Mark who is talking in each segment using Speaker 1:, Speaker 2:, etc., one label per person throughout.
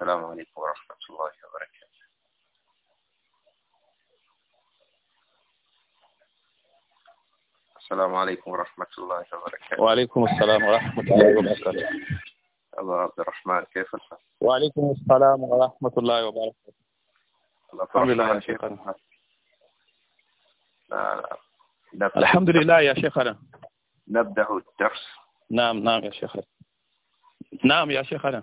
Speaker 1: السلام عليكم ورحمة الله وبركاته السلام عليكم ورحمة الله وبركاته وعليكم السلام ورحمة الله وبركاته الله عبد الرحمن كيف الحال؟ وعليكم السلام ورحمة الله وبركاته الحمد لله يا شيخنا الحمد لله يا شيخنا نبدأ الدرس نعم نعم يا شيخنا نعم يا شيخنا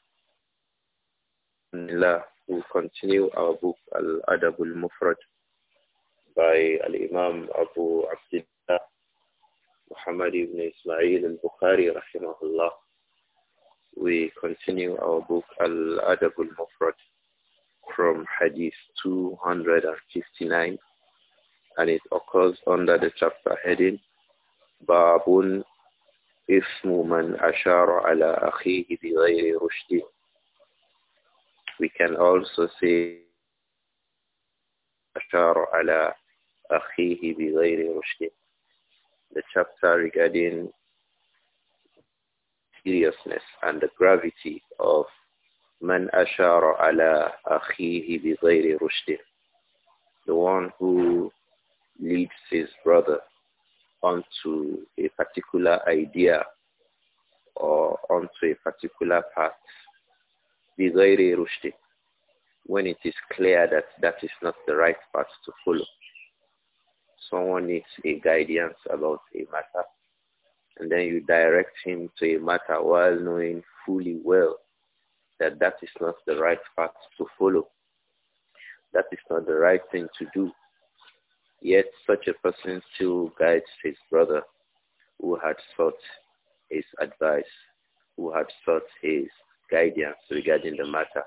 Speaker 1: Bismillah, we continue our book Al-Adab al-Mufrad by Al-Imam Abu Abdullah Muhammad ibn Ismail al-Bukhari rahimahullah. We continue our book Al-Adab al-Mufrad from Hadith 259 and it occurs under the chapter heading Babun Ismu man ashara ala akhihi bighayri rushdin we can also say the chapter regarding seriousness and the gravity of من أشار على أخيه بغير رشد the one who leads his brother onto a particular idea or onto a particular path when it is clear that that is not the right path to follow. Someone needs a guidance about a matter and then you direct him to a matter while knowing fully well that that is not the right path to follow. That is not the right thing to do. Yet such a person still guides his brother who had sought his advice, who had sought his guidance regarding the matter.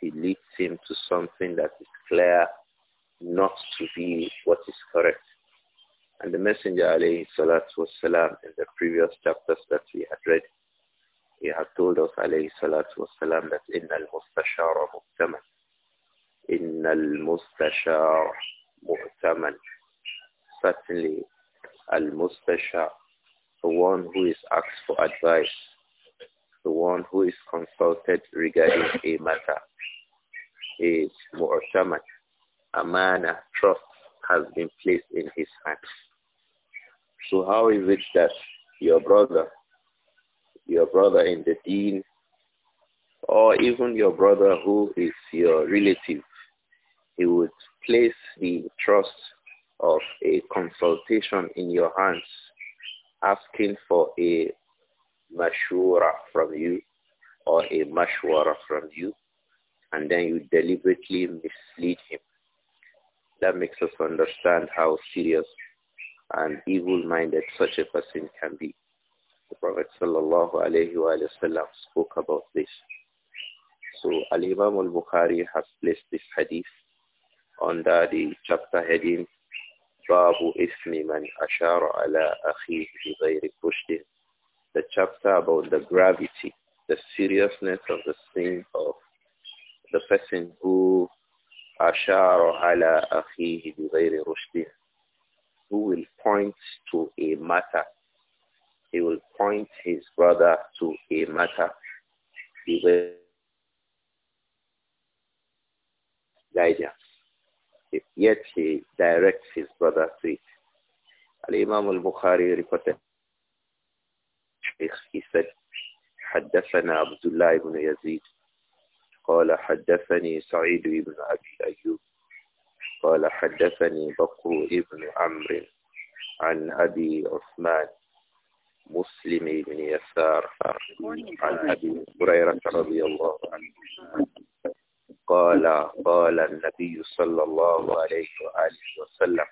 Speaker 1: He leads him to something that is clear not to be what is correct. And the Messenger alayhi salatu wasalam in the previous chapters that we had read, he had told us alayhi salatu wasalam that in al mustashara muhtaman. In al mustashar muhtaman. Certainly al mustashar, the one who is asked for advice the one who is consulted regarding a matter is man of trust has been placed in his hands. So how is it that your brother, your brother in the deen, or even your brother who is your relative, he would place the trust of a consultation in your hands, asking for a mashura from you or a mashwara from you, and then you deliberately mislead him. That makes us understand how serious and evil-minded such a person can be. The Prophet sallallahu alayhi wa spoke about this. So Al-Imam al-Bukhari has placed this hadith under the chapter heading باب إثم من أشار على أخيه بغير رشد the chapter about the gravity, the seriousness of the sin of the person who ashar ala akhihi bighayri rushdin, who will point to a matter. He will point his brother to a matter. Guidance. Yet he directs his brother to it. Al-Imam al-Bukhari reported الشيخ he حدثنا عبد الله بن يزيد قال حدثني سعيد بن أبي أيوب قال حدثني بكر بن عمرو عن أبي عثمان مسلم بن يسار عن أبي هريرة رضي الله عنه قال قال النبي صلى الله عليه وآله وسلم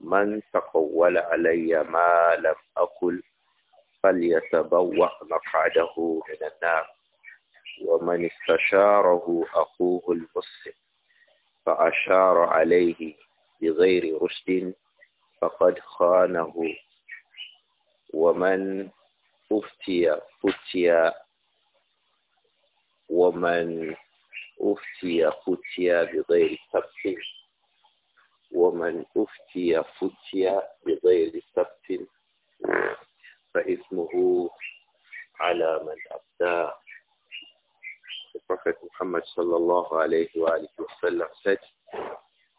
Speaker 1: من تقول علي ما لم أقل فليتبوأ مقعده من النار ومن استشاره أخوه المسلم فأشار عليه بغير رشد فقد خانه ومن أفتي فتي ومن أفتي فتي بغير سبت ومن أفتي فتي بغير سبت فإثمه على من أبداه. The Prophet Muhammad sallallahu alayhi wa alayhi wa sallam said,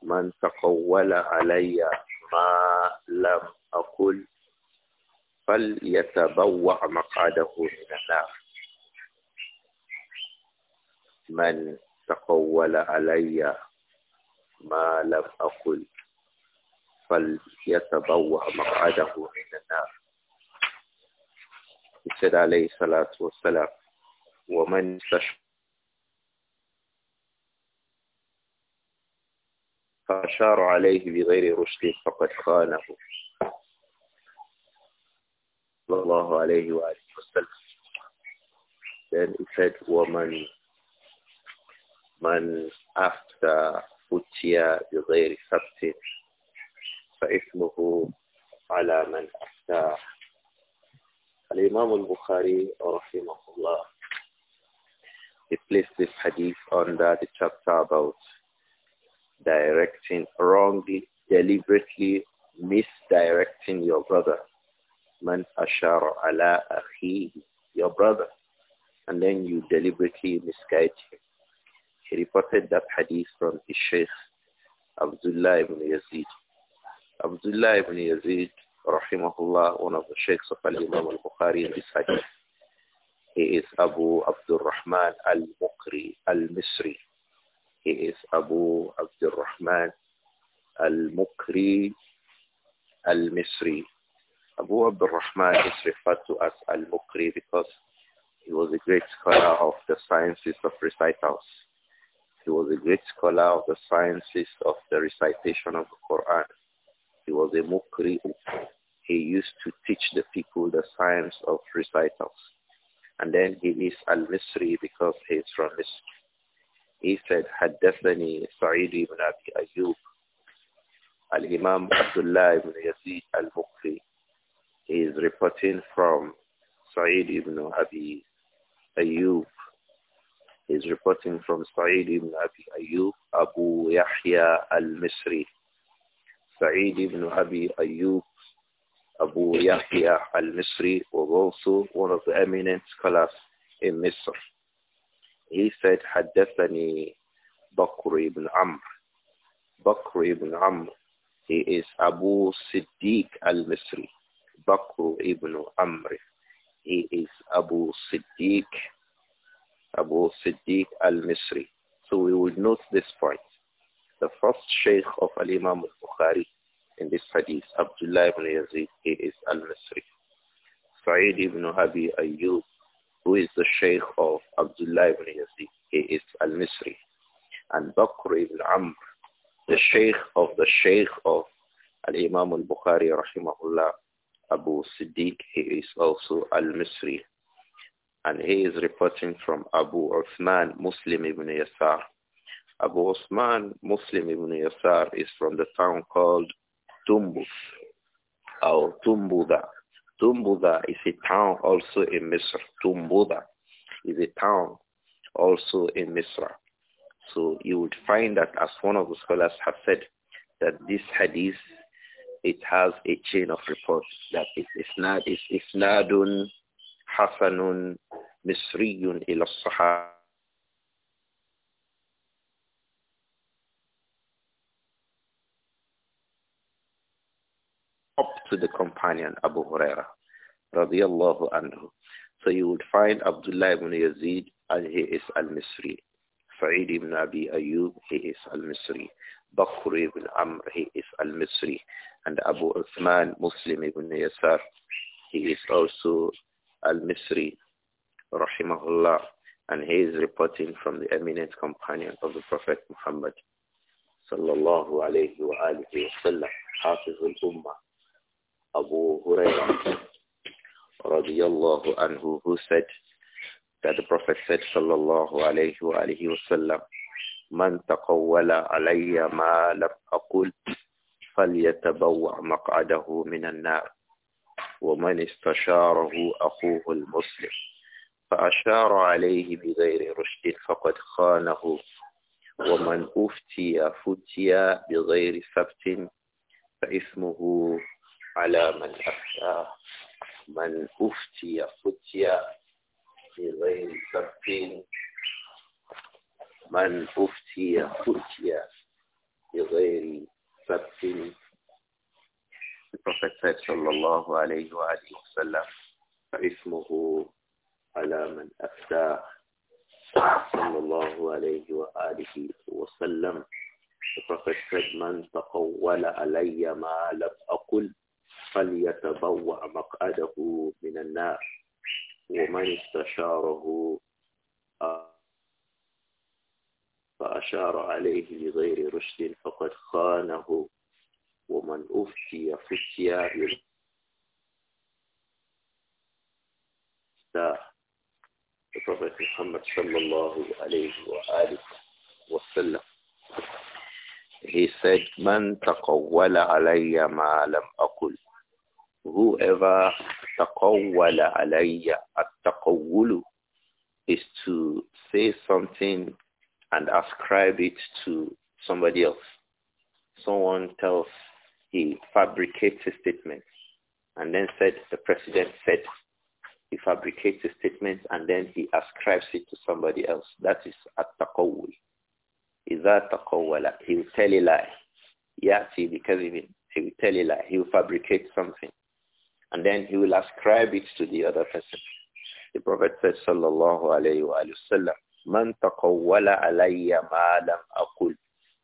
Speaker 1: من تقول علي ما لم أقل فليتبوع مقعده من النار من تقول علي ما لم أقل فليتبوع مقعده من النار He said, alayhi salatu wasalam, وَمَنْ فَأَشَارَ عَلَيْهِ بِغَيْرِ رُشْدٍ فَقَدْ خَانَهُ صلى الله عليه وآله وسلم Then it said, woman, man after فتيا بغير سبت فإثمه على من أفتاه Al-Imam al-Bukhari, he placed this hadith under the chapter about directing wrongly, deliberately misdirecting your brother. Man أشار ala akhihi, your brother. And then you deliberately misguide him. He reported that hadith from his sheikh, Abdullah ibn Yazid. Abdullah ibn Yazid rahimahullah, one of the sheikhs of Al-Imam al-Bukhari in this hadith. He is Abu Abdurrahman Rahman al-Mukri al-Misri. He is Abu Abdurrahman Rahman al-Mukri al-Misri. Abu Abdurrahman Rahman is referred to as al-Mukri because he was a great scholar of the sciences of recitals. He was a great scholar of the sciences of the recitation of the Quran he was a mukri. He used to teach the people the science of recitals. And then he is al-Misri because he is from Misri. He said, Sa'id ibn Abi أبي al الإمام Abdullah ibn Yazid Al-Mukri. He is reporting from Sa'id ibn Abi Ayyub. He is reporting from Sa'id ibn Abi Ayyub, Abu Yahya al-Misri. Sa'id ibn Abi Ayyub Abu Yahya al-Misri was also one of the eminent scholars in Misr. He said, حدثني بكر ibn Amr. Bakr ibn Amr, he is Abu Siddiq al-Misri. Bakr ibn Amr, he is Abu Siddiq, Abu Siddiq al-Misri. So we will note this point. The first sheikh of Al-Imam al-Bukhari in this hadith, Abdullah ibn Yazid, he is al-Misri. Sa'id ibn Abi Ayyub, who is the sheikh of Abdullah ibn Yazid, he is al-Misri. And Bakr ibn Amr, the sheikh of the sheikh of Al-Imam al-Bukhari, rahimahullah, Abu Siddiq, he is also al-Misri. And he is reporting from Abu Uthman, Muslim ibn Yasar, Abu Osman Muslim ibn Yasar is from the town called Tumbus or Tumbuda. Tumbuda is a town also in Misr. Tumbuda is a town also in Misr. So you would find that as one of the scholars have said that this hadith, it has a chain of reports that it is not, it is nadun hasanun misriyun ila to the companion Abu Huraira, radiallahu anhu. So you would find Abdullah ibn Yazid, and he is al-Misri. Sa'id ibn Abi Ayyub, he is al-Misri. Bakr ibn Amr, he is al-Misri. And Abu Uthman, Muslim ibn Yasar, he is also al-Misri, rahimahullah. And he is reporting from the eminent companion of the Prophet Muhammad, sallallahu alayhi wa alihi wa sallam, Hafiz al-Ummah. Abu Hurairah radiallahu anhu who said that the Prophet said sallallahu alayhi wa alihi wasallam من تقول علي ما لم أقل فليتبوع مقعده من النار ومن استشاره أخوه المسلم فأشار عليه بغير رشد فقد خانه ومن أفتي فتي بغير سبت فَإِسْمَهُ على من أفتاه من أفتي في بغير سبب من أفتي فتيا بغير سبب The Prophet صلى الله عليه وآله وسلم اسمه على من أفتى صلى الله عليه وآله وسلم The من تقول علي ما لم أقل فليتبوأ مقعده من النار ومن استشاره آه، فأشار عليه لغير رشد فقد خانه ومن أفتي فتيا بطبيعة محمد صلى الله عليه وآله وسلم He said, من تقول علي ما لم أقل whoever taqawwala alayya, at-taqawwulu is to say something and ascribe it to somebody else. Someone tells, he fabricates a statement and then said, the president said, he fabricates a statement and then he ascribes it to somebody else. That is at-taqawwul. إذا تقول he will tell a lie. يأتي بكذب he will tell a lie. He will fabricate something and then he will ascribe it to the other person. The Prophet said, Sallallahu alayhi wa sallam, Man taqawwala alayya ma lam aqul.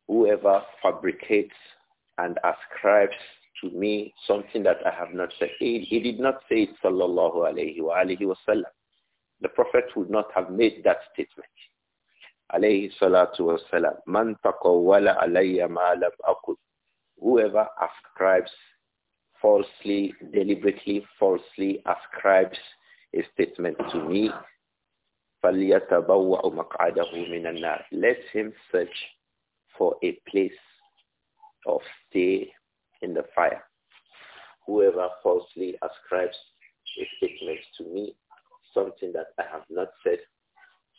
Speaker 1: Whoever fabricates and ascribes to me something that I have not said. He, he did not say it, Sallallahu alayhi wa sallam. The Prophet would not have made that statement. Alayhi salatu wa sallam. Man taqawwala alayya ma lam aqul. Whoever ascribes falsely, deliberately, falsely ascribes a statement to me, Let him search for a place of stay in the fire. Whoever falsely ascribes a statement to me, something that I have not said,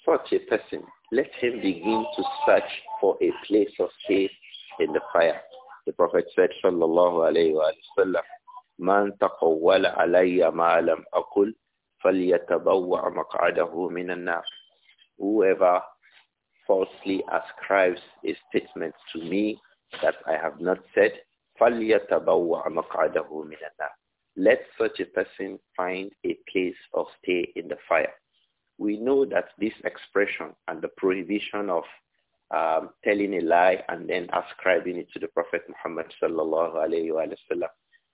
Speaker 1: such a person, let him begin to search for a place of stay in the fire. The Prophet said, sallallahu alayhi wa man taqawwala alayya ma'alam akul, falyatabawwa maq'adahu minan nar. Whoever falsely ascribes a statement to me that I have not said, falyatabawwa maq'adahu minan nar. Let such a person find a place of stay in the fire. We know that this expression and the prohibition of um, telling a lie and then ascribing it to the Prophet Muhammad sallallahu alayhi wa sallam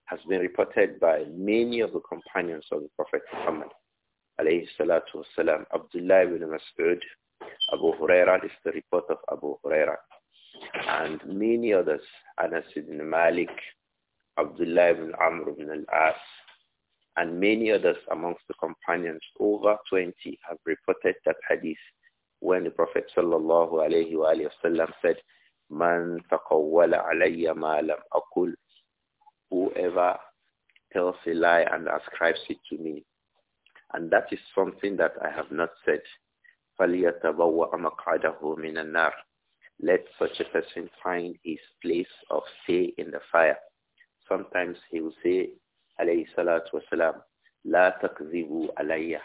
Speaker 1: has been reported by many of the companions of the Prophet Muhammad alayhi salatu wasalam. Abdullah ibn Mas'ud, Abu Huraira, is the report of Abu Huraira. And many others, Anas ibn Malik, Abdullah ibn Amr ibn al-As, and many others amongst the companions, over 20 have reported that hadith when the Prophet sallallahu alayhi wa sallam said, Man taqawwala alayya ma lam akul, whoever tells a lie and ascribes it to me. And that is something that I have not said. فَلْيَتَبَوَّأَ النَّارِ Let such a person find his place of stay in the fire. Sometimes he will say, alayhi salatu wasalam, لَا تَكْذِبُوا عَلَيَّ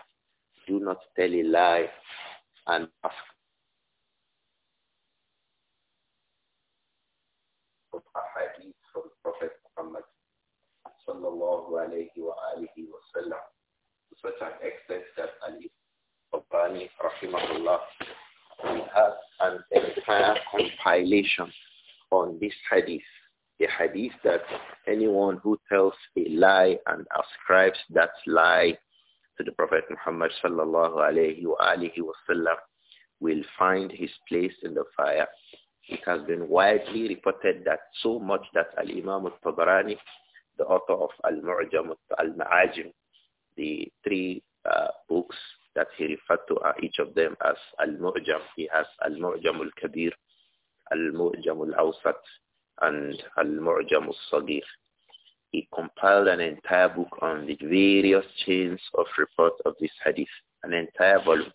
Speaker 1: Do not tell a lie and of Prophet Muhammad to such an extent that Ali Rabbani rahimahullah he has
Speaker 2: an entire
Speaker 1: compilation on this hadith. a hadith that anyone who tells a lie and ascribes that lie to the Prophet Muhammad sallallahu alayhi wa alihi wasallam will find his place in the fire. It has been widely reported that so much that Al-Imam al-Tabarani, the author of Al-Mu'jam al-Ma'ajim, the three uh, books that he referred to each of them as Al-Mu'jam. He has Al-Mu'jam al-Kabir, Al-Mu'jam al-Awsat, and Al-Mu'jam al-Saghir he compiled an entire book on the various chains of reports of this hadith, an entire volume.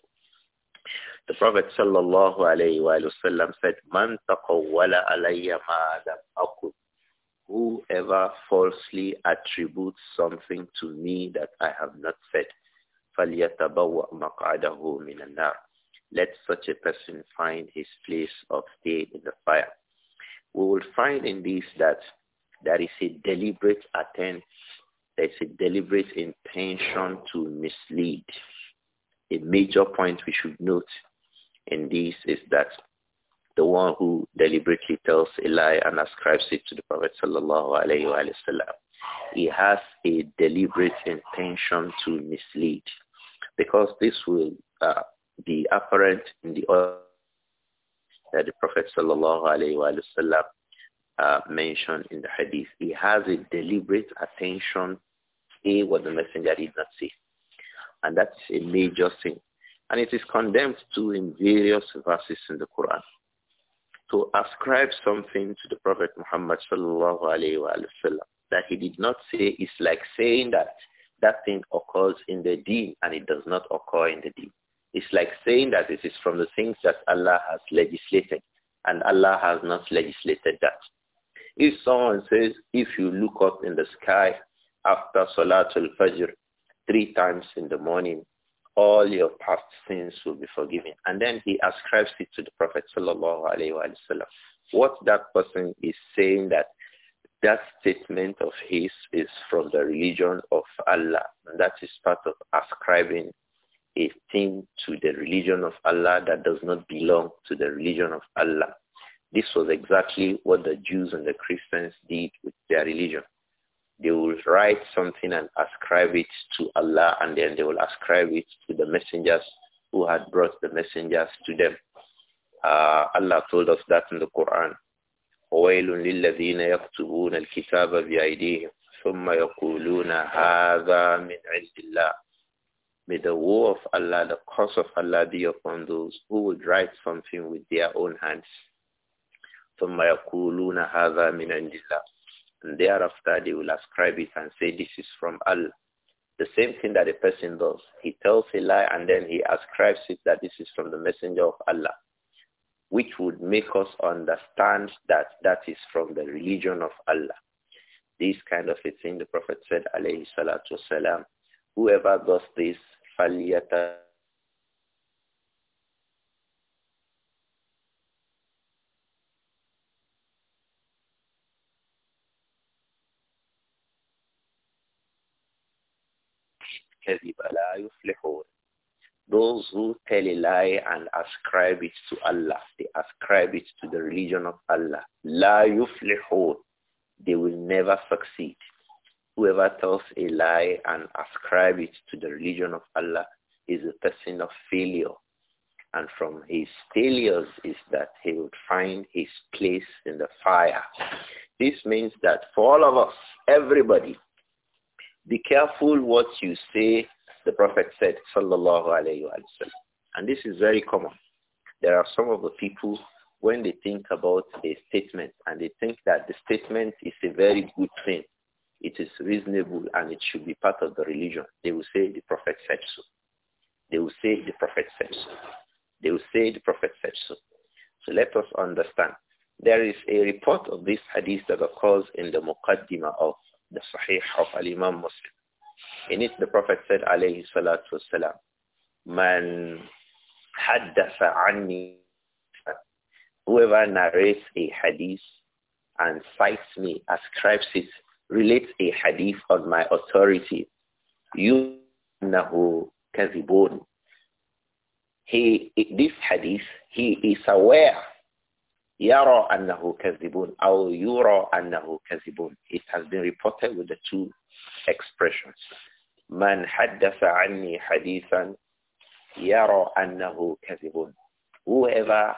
Speaker 1: The Prophet sallallahu alayhi wa sallam said, Man taqawwala alayya ma'adam Whoever falsely attributes something to me that I have not said, فَلْيَتَبَوَّأْ مَقْعَدَهُ مِنَ النَّارِ Let such a person find his place of stay in the fire. We will find in this that there is a deliberate attempt, there is a deliberate intention to mislead. A major point we should note in this is that the one who deliberately tells a lie and ascribes it to the Prophet sallallahu wasallam, he has a deliberate intention to mislead, because this will uh, be apparent in the that the Prophet sallallahu alaihi wasallam uh, mentioned in the hadith. He has a deliberate attention, to what the messenger did not say. And that's a major sin. And it is condemned too in various verses in the Quran. To ascribe something to the Prophet Muhammad sallallahu alayhi wa sallam that he did not say is like saying that that thing occurs in the deen and it does not occur in the deen. It's like saying that it is from the things that Allah has legislated and Allah has not legislated that. If someone says, if you look up in the sky after Salatul Fajr three times in the morning, all your past sins will be forgiven. And then he ascribes it to the Prophet Sallallahu Alaihi Wasallam. What that person is saying that that statement of his is from the religion of Allah. And that is part of ascribing a thing to the religion of Allah that does not belong to the religion of Allah. This was exactly what the Jews and the Christians did with their religion. They will write something and ascribe it to Allah and then they will ascribe it to the messengers who had brought the messengers to them. Uh, Allah told us that in the Quran. وَيْلٌ لِلَّذِينَ يَكْتُبُونَ الْكِتَابَ بِأَيْدِيهِمْ ثُمَّ يَقُولُونَ هَذَا مِنْ عِنْدِ اللَّهِ May the woe of Allah, the curse of Allah be upon those who would write something with their own hands ثم يقولون هذا من عند الله and thereafter they will ascribe it and say this is from Allah the same thing that a person does he tells a lie and then he ascribes it that this is from the messenger of Allah which would make us understand that that is from the religion of Allah this kind of a thing the prophet said alayhi salatu wasalam whoever does this فَلْيَتَ لا يفلحون those who tell a lie and ascribe it to Allah, they ascribe it to the religion of Allah. La yuflihun. They will never succeed. Whoever tells a lie and ascribe it to the religion of Allah is a person of failure. And from his failures is that he would find his place in the fire. This means that for all of us, everybody, be careful what you say, the Prophet said, sallallahu alayhi wa And this is very common. There are some of the people, when they think about a statement and they think that the statement is a very good thing, it is reasonable and it should be part of the religion, they will say the Prophet said so. They will say the Prophet said so. They will say the Prophet said so. So let us understand. There is a report of this hadith that occurs in the Muqaddimah of the Sahih of Al-Imam Muslim. In it, the Prophet said, alayhi salatu wasalam, Man haddatha anni, whoever narrates a hadith and cites me, ascribes it, relates a hadith on my authority, you nahu kazibun. He, this hadith, he is aware يَرَى أَنَّهُ كَذِبٌ أَوْ يُرَى أَنَّهُ كَذِبٌ It has been reported with the two expressions. مَنْ حَدَّثَ عَنِّي حَدِيثًا يَرَى أَنَّهُ كَذِبٌ Whoever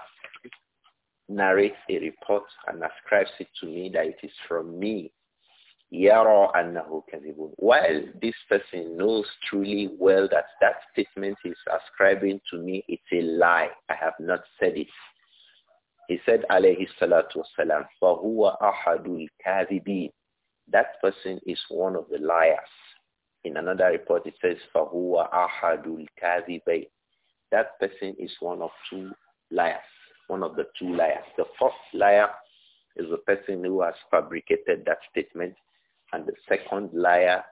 Speaker 1: narrates a report and ascribes it to me that it is from me, يَرَى أَنَّهُ كَذِبٌ While this person knows truly well that that statement is ascribing to me, it's a lie. I have not said it. He said, alayhi salatu wasalam, فَهُوَ أَحَدُ الْكَاذِبِينَ That person is one of the liars. In another report, it says, فَهُوَ أَحَدُ الْكَاذِبَيْنِ That person is one of two liars, one of the two liars. The first liar is the person who has fabricated that statement, and the second liar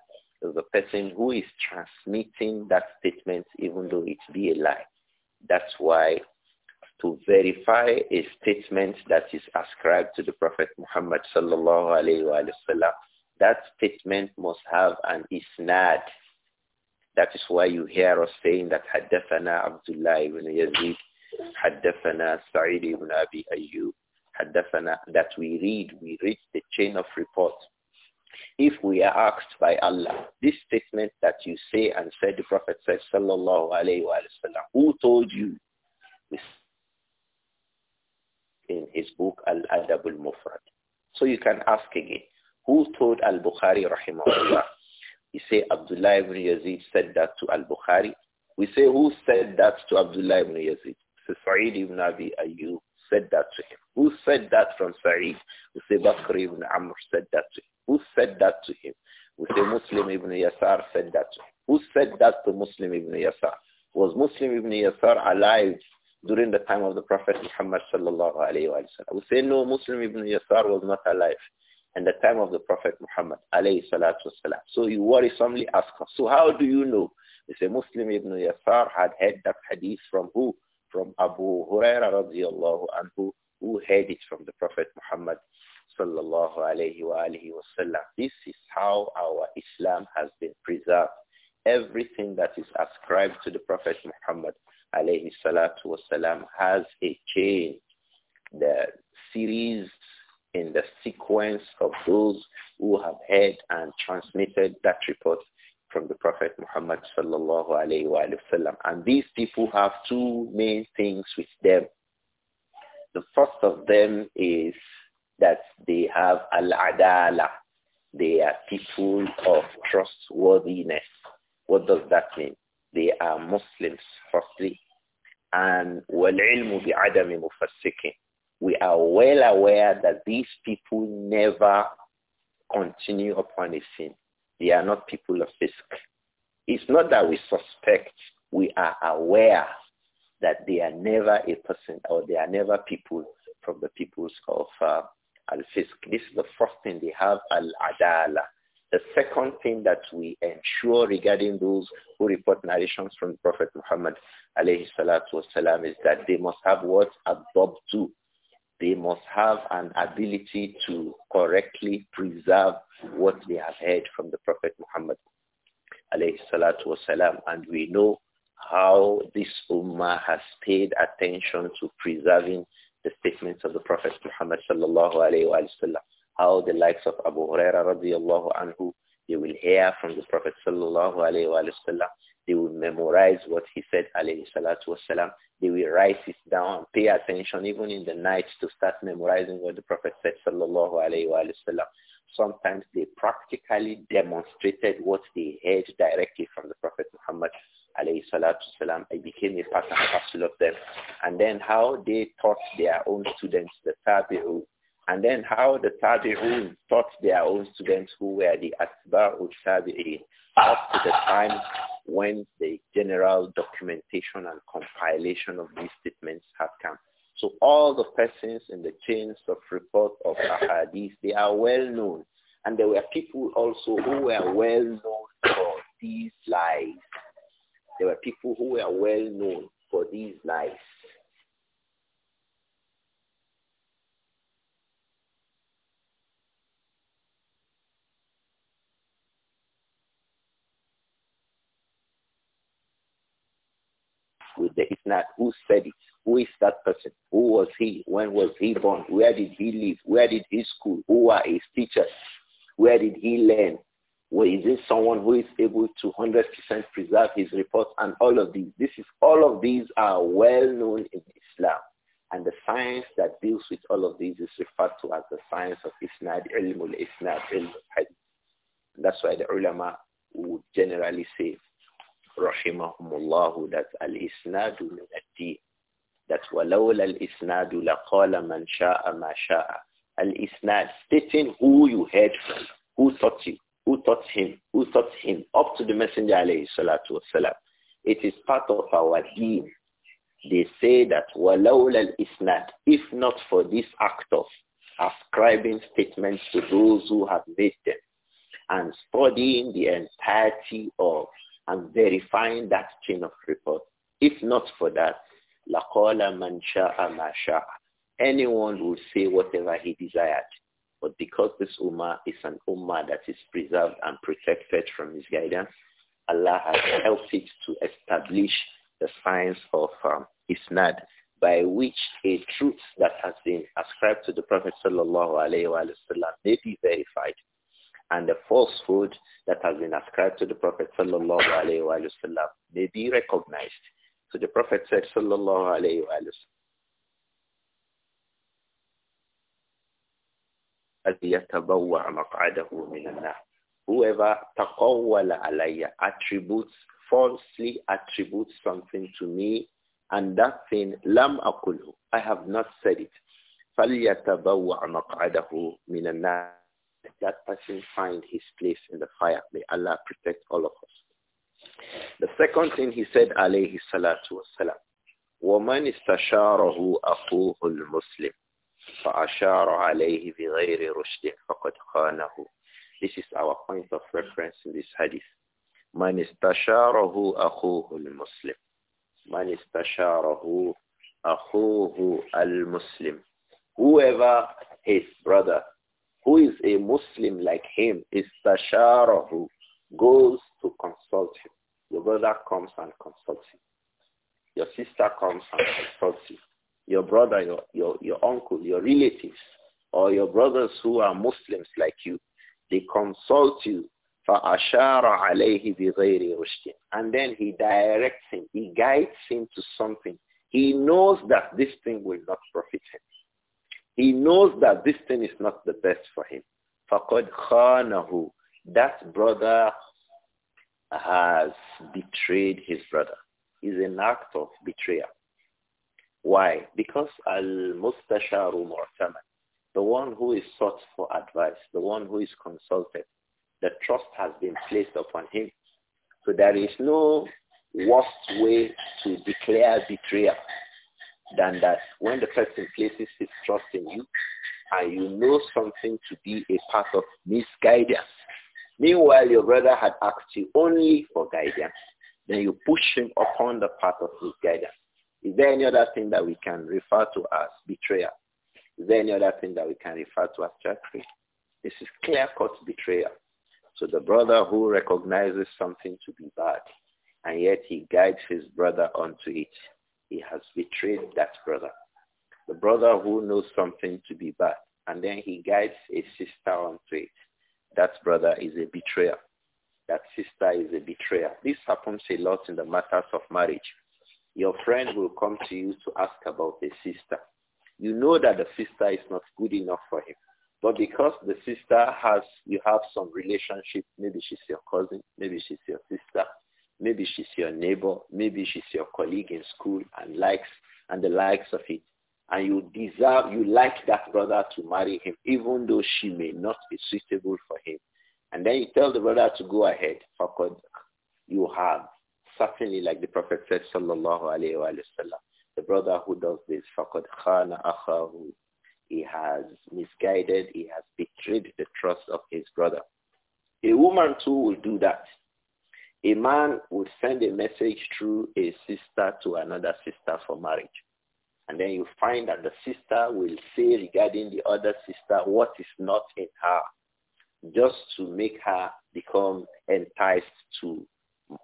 Speaker 1: is the person who is transmitting that statement even though it be a lie. That's why to verify a statement that is ascribed to the Prophet Muhammad sallallahu alayhi wa that statement must have an isnad. That is why you hear us saying that حدثنا Abdullah ibn Yazid, حدثنا Sa'id ibn Abi Ayyub, that we read, we read the chain of report. If we are asked by Allah, this statement that you say and said the Prophet said, sallallahu alayhi wasallam, who told you? in his book Al-Adab al-Mufrad. So you can ask again, who told Al-Bukhari rahimahullah? You say Abdullah ibn Yazid said that to Al-Bukhari. We say who said that to Abdullah ibn Yazid? So Sa'id ibn Abi Ayyub said that to him. Who said that from Sa'id? We say Bakr ibn Amr said that to him. Who said that to him? We say Muslim ibn Yasar said that to him. Who said that to Muslim ibn Yasar? Was Muslim ibn Yasar alive during the time of the Prophet Muhammad sallallahu alayhi wa sallam. We say no, Muslim ibn Yasar was not alive in the time of the Prophet Muhammad alayhi salatu wasalam. So you worrisomely ask us, so how do you know? We say Muslim ibn Yasar had heard that hadith from who? From Abu Huraira radiallahu anhu, who heard it from the Prophet Muhammad sallallahu alayhi wa alihi This is how our Islam has been preserved. Everything that is ascribed to the Prophet Muhammad alayhi salatu wasalam, has a chain, the series in the sequence of those who have heard and transmitted that report from the Prophet Muhammad sallallahu alayhi wa sallam. And these people have two main things with them. The first of them is that they have al-adala. They are people of trustworthiness. What does that mean? They are Muslims, firstly. And وَالْعِلْمُ بِعَدَمِ مُفَسِّكٍ We are well aware that these people never continue upon a sin. They are not people of fisk. It's not that we suspect. We are aware that they are never a person or they are never people from the peoples of uh, al-fisk. This is the first thing they have, al-adala. The second thing that we ensure regarding those who report narrations from Prophet Muhammad alayhi salatu wasalam is that they must have what? Abdob too. They must have an ability to correctly preserve what they have heard from the Prophet Muhammad alayhi salatu wasalam. And we know how this ummah has paid attention to preserving the statements of the Prophet Muhammad sallallahu alayhi wa sallam how the likes of Abu Huraira radiallahu anhu, they will hear from the Prophet sallallahu alayhi wa sallam. They will memorize what he said alayhi salatu wasalam. They will write it down, pay attention even in the night to start memorizing what the Prophet said sallallahu alayhi wa Sometimes they practically demonstrated what they heard directly from the Prophet Muhammad alayhi salatu wasalam. It became a part and parcel of them. And then how they taught their own students, the tabi'u, and then how the Tabi'un taught their own students who were the Asba'u Tabi'in up to the time when the general documentation and compilation of these statements have come. So all the persons in the chains of report of Ahadith, they are well known. And there were people also who were well known for these lies. There were people who were well known for these lies. with the isnad. Who said it? Who is that person? Who was he? When was he born? Where did he live? Where did he school? Who are his teachers? Where did he learn? Well, is this someone who is able to 100% preserve his report and all of these? This is all of these are well known in Islam. And the science that deals with all of these is referred to as the science of Isnad ilm isnad ilm al-Hadith. That's why the ulama would generally say rahimahumullah that al-isnadu min ad-din. That walawla al-isnadu laqala man sha'a ma sha'a. Al-isnad, stating who you heard from, who taught you, who taught him, who taught him, up to the messenger alayhi salatu wasalam. It is part of our deen. They say that walawla al-isnad, if not for this act of ascribing statements to those who have made them and studying the entirety of and verifying that chain of report. If not for that, لَقَالَ مَنْ شَاءَ مَا Anyone will say whatever he desired. But because this ummah is an ummah that is preserved and protected from his guidance, Allah has helped it to establish the science of um, Isnad by which a truth that has been ascribed to the Prophet sallallahu alaihi wasallam may be verified and the falsehood that has been ascribed to the Prophet sallallahu alaihi wasallam may be recognized. So the Prophet said sallallahu alaihi wasallam, Whoever taqawwala alayya attributes, falsely attributes something to me and that thing lam akulu. I have not said it. فَلْيَتَبَوَّعْ مَقْعَدَهُ مِنَ النَّارِ that person find his place in the fire. May Allah protect all of us. The second thing he said, alayhi salatu wasalam, وَمَنْ اسْتَشَارَهُ أَخُوهُ الْمُسْلِمُ فَأَشَارَ عَلَيْهِ بِغَيْرِ رُشْدٍ فَقَدْ خَانَهُ This is our point of reference in this hadith. مَنْ اسْتَشَارَهُ أَخُوهُ الْمُسْلِمُ مَنْ اسْتَشَارَهُ أَخُوهُ الْمُسْلِمُ Whoever his brother who is a Muslim like him, is who goes to consult him. Your brother comes and consults him. Your sister comes and consults him. Your brother, your, your, your uncle, your relatives, or your brothers who are Muslims like you, they consult you. فَأَشَارَ عَلَيْهِ And then he directs him. He guides him to something. He knows that this thing will not profit him. He knows that this thing is not the best for him. فَقَدْ خَانَهُ That brother has betrayed his brother. It's an act of betrayal. Why? Because al-mustasharu mu'taman. The one who is sought for advice, the one who is consulted, the trust has been placed upon him. So there is no worst way to declare betrayal than that when the person places his trust in you and you know something to be a part of misguidance. Meanwhile, your brother had asked you only for guidance. Then you push him upon the path of misguidance. Is there any other thing that we can refer to as betrayal? Is there any other thing that we can refer to as treachery? This is clear-cut betrayal. So the brother who recognizes something to be bad, and yet he guides his brother onto it, he has betrayed that brother. The brother who knows something to be bad, and then he guides a sister onto it. That brother is a betrayer. That sister is a betrayer. This happens a lot in the matters of marriage. Your friend will come to you to ask about a sister. You know that the sister is not good enough for him. But because the sister has, you have some relationship, maybe she's your cousin, maybe she's your sister, Maybe she's your neighbor. Maybe she's your colleague in school and likes and the likes of it. And you desire, you like that brother to marry him, even though she may not be suitable for him. And then you tell the brother to go ahead. God, you have. Certainly, like the Prophet said, sallallahu alayhi wa sallam, the brother who does this, fakod khana akhahu, he has misguided, he has betrayed the trust of his brother. A woman too will do that. A man would send a message through a sister to another sister for marriage. And then you find that the sister will say regarding the other sister what is not in her just to make her become enticed to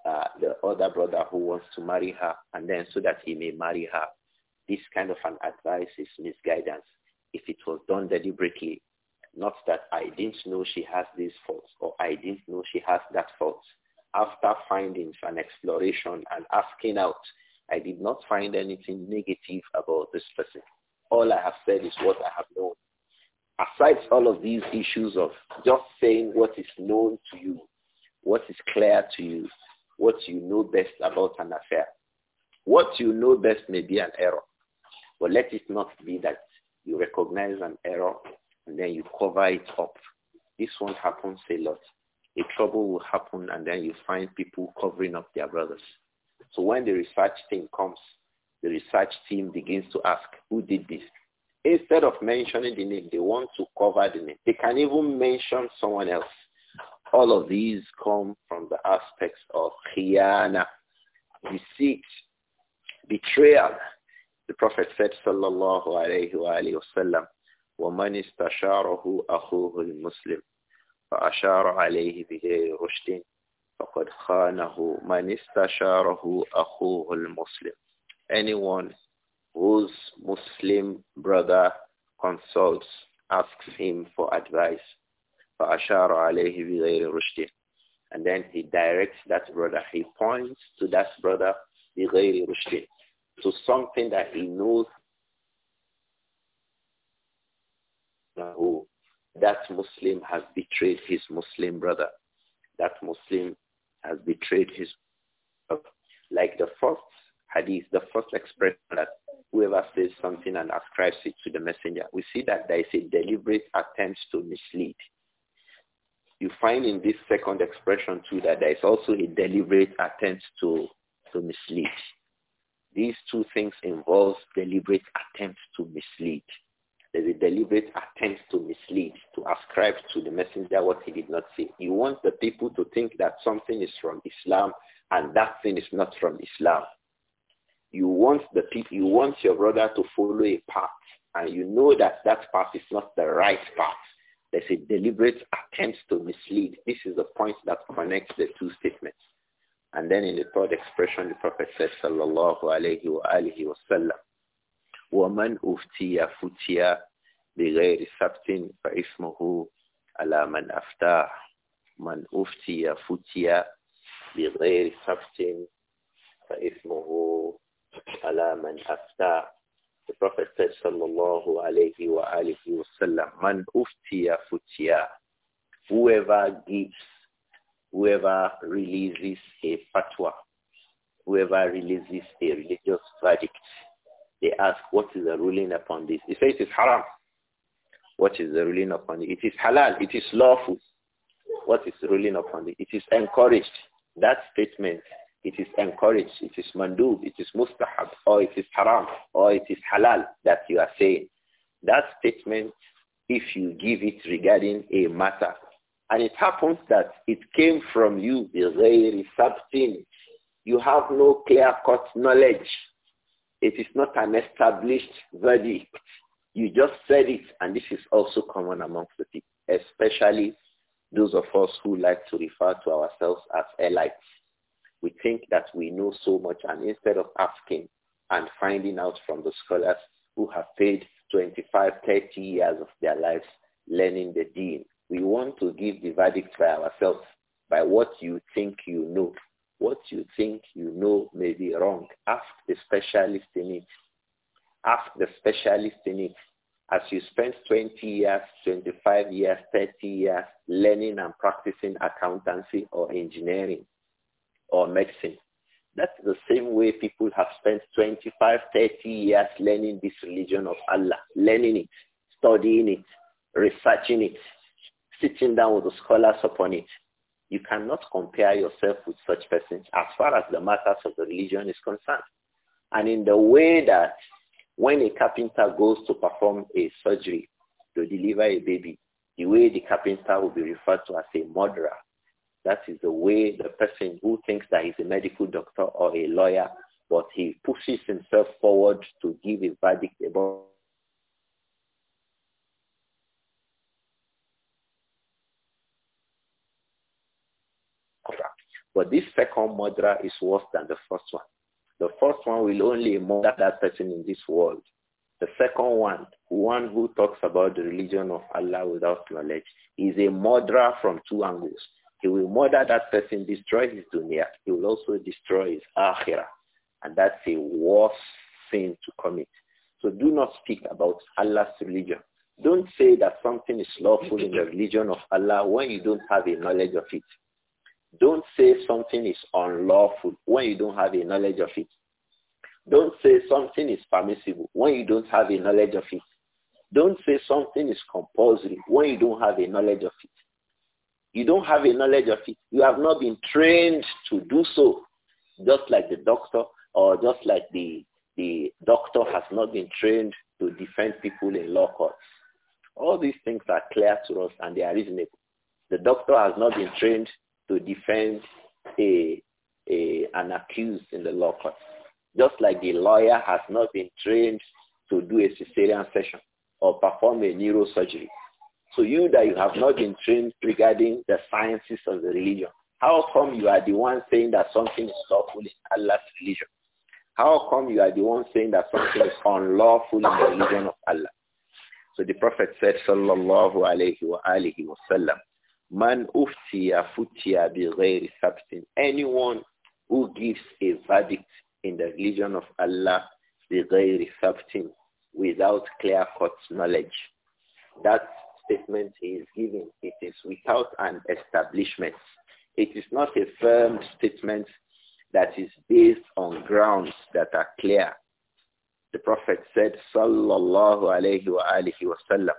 Speaker 1: uh, the other brother who wants to marry her and then so that he may marry her. This kind of an advice is misguidance if it was done deliberately. Not that I didn't know she has these faults or I didn't know she has that fault after findings and exploration and asking out, I did not find anything negative about this person. All I have said is what I have known. Aside all of these issues of just saying what is known to you, what is clear to you, what you know best about an affair. What you know best may be an error, but let it not be that you recognize an error and then you cover it up. This one happens a lot a trouble will happen and then you find people covering up their brothers. So when the research team comes, the research team begins to ask, who did this? Instead of mentioning the name, they want to cover the name. They can even mention someone else. All of these come from the aspects of khiyana, deceit, betrayal. The Prophet said, sallallahu alayhi wa alayhi wa sallam, وَمَنِ اسْتَشَارَهُ أَخُوهُ الْمُسْلِمُ فأشار عليه به رشد فقد خانه من استشاره أخوه المسلم anyone whose Muslim brother consults asks him for advice فأشار عليه بغير رشد and then he directs that brother he points to that brother بغير رشد to something that he knows that Muslim has betrayed his Muslim brother. That Muslim has betrayed his Like the first hadith, the first expression that whoever says something and ascribes it to the messenger, we see that there is a deliberate attempt to mislead. You find in this second expression too that there is also a deliberate attempt to, to mislead. These two things involve deliberate attempts to mislead. There's a deliberate attempt to mislead, to ascribe to the messenger what he did not say. You want the people to think that something is from Islam and that thing is not from Islam. You want the people, you want your brother to follow a path and you know that that path is not the right path. There's a deliberate attempt to mislead. This is the point that connects the two statements. And then in the third expression, the Prophet said, sallallahu alayhi wa alihi wa sallam, وَمَنْ أُفْتِيَ فُتِيَ بِغَيْرِ سَبْتٍ فَإِثْمُهُ عَلَى مَنْ أَفْتَاهُ مَنْ أُفْتِيَ فُتِيَ بِغَيْرِ سَبْتٍ فَإِثْمُهُ على من أفتى The Prophet said sallallahu alayhi wa alihi wa sallam Man uftiya futiya Whoever gives, whoever releases a fatwa, whoever releases a religious verdict, they ask, what is the ruling upon this? It says it is haram. What is the ruling upon it? It is halal. It is lawful. What is ruling upon it? It is encouraged. That statement, it is encouraged. It is mandub. It is mustahab. Or it is haram. Or it is halal that you are saying. That statement, if you give it regarding a matter, and it happens that it came from you, very ثبت. You have no clear-cut knowledge it is not an established verdict. You just said it, and this is also common amongst the people, especially those of us who like to refer to ourselves as elites. We think that we know so much, and instead of asking and finding out from the scholars who have paid 25, 30 years of their lives learning the deen, we want to give the verdict by ourselves, by what you think you know, what you think you know may be wrong. Ask the specialist in it. Ask the specialist in it. As you spend 20 years, 25 years, 30 years learning and practicing accountancy or engineering or medicine, that's the same way people have spent 25, 30 years learning this religion of Allah, learning it, studying it, researching it, sitting down with the scholars upon it. You cannot compare yourself with such persons as far as the matters of the religion is concerned. And in the way that when a carpenter goes to perform a surgery to deliver a baby, the way the carpenter will be referred to as a murderer. That is the way the person who thinks that he's a medical doctor or a lawyer, but he pushes himself forward to give a verdict about But this second murderer is worse than the first one. The first one will only murder that person in this world. The second one, one who talks about the religion of Allah without knowledge, is a murderer from two angles. He will murder that person, destroy his dunya. He will also destroy his akhirah. And that's a worse sin to commit. So do not speak about Allah's religion. Don't say that something is lawful in the religion of Allah when you don't have a knowledge of it. Don't say something is unlawful when you don't have a knowledge of it. Don't say something is permissible when you don't have a knowledge of it. Don't say something is compulsory when you don't have a knowledge of it. You don't have a knowledge of it. You have not been trained to do so, just like the doctor or just like the, the doctor has not been trained to defend people in law courts. All these things are clear to us and they are reasonable. The doctor has not been trained to defend a, a, an accused in the law court. Just like the lawyer has not been trained to do a cesarean session or perform a neurosurgery. So you that you have not been trained regarding the sciences of the religion, how come you are the one saying that something is lawful in Allah's religion? How come you are the one saying that something is unlawful in the religion of Allah? So the Prophet said, Sallallahu Alaihi Wasallam, Man uftiya futiya bi ghayri Anyone who gives a verdict in the religion of Allah bi ghayri sabtin without clear-cut knowledge. That statement he is given. it is without an establishment. It is not a firm statement that is based on grounds that are clear. The Prophet said, Sallallahu alayhi wa alihi wa sallam,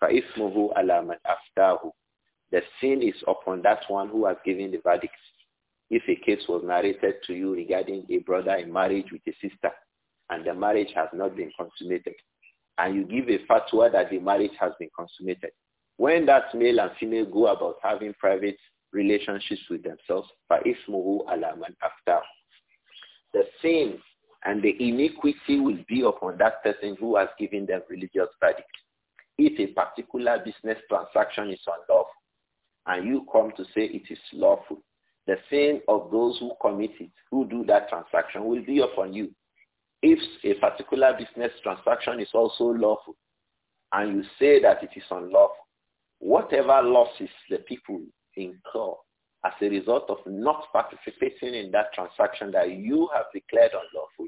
Speaker 1: فَإِثْمُهُ عَلَى مَنْ أَفْتَاهُ the sin is upon that one who has given the verdict. If a case was narrated to you regarding a brother in marriage with a sister and the marriage has not been consummated, and you give a fatwa that the marriage has been consummated, when that male and female go about having private relationships with themselves, فَإِثْمُهُ عَلَى مَنْ أَفْتَرُ The sin and the iniquity will be upon that person who has given them religious verdict. If a particular business transaction is unlawful, and you come to say it is lawful, the sin of those who commit it, who do that transaction, will be upon you. If a particular business transaction is also lawful, and you say that it is unlawful, whatever losses the people incur as a result of not participating in that transaction that you have declared unlawful,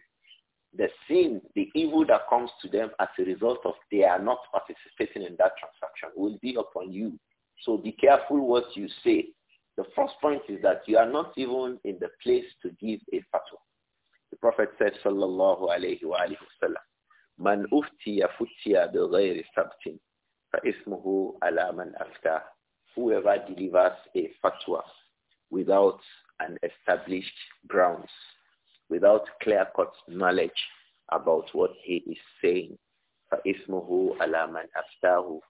Speaker 1: the sin, the evil that comes to them as a result of they are not participating in that transaction will be upon you. So be careful what you say. The first point is that you are not even in the place to give a fatwa. The Prophet said, sallallahu alayhi wa alayhi wa man uftiya futiya bighayri sabtin, fa ismuhu ala man afta. Whoever delivers a fatwa without an established grounds, without clear-cut knowledge about what he is saying, fa ismuhu ala man aftahu.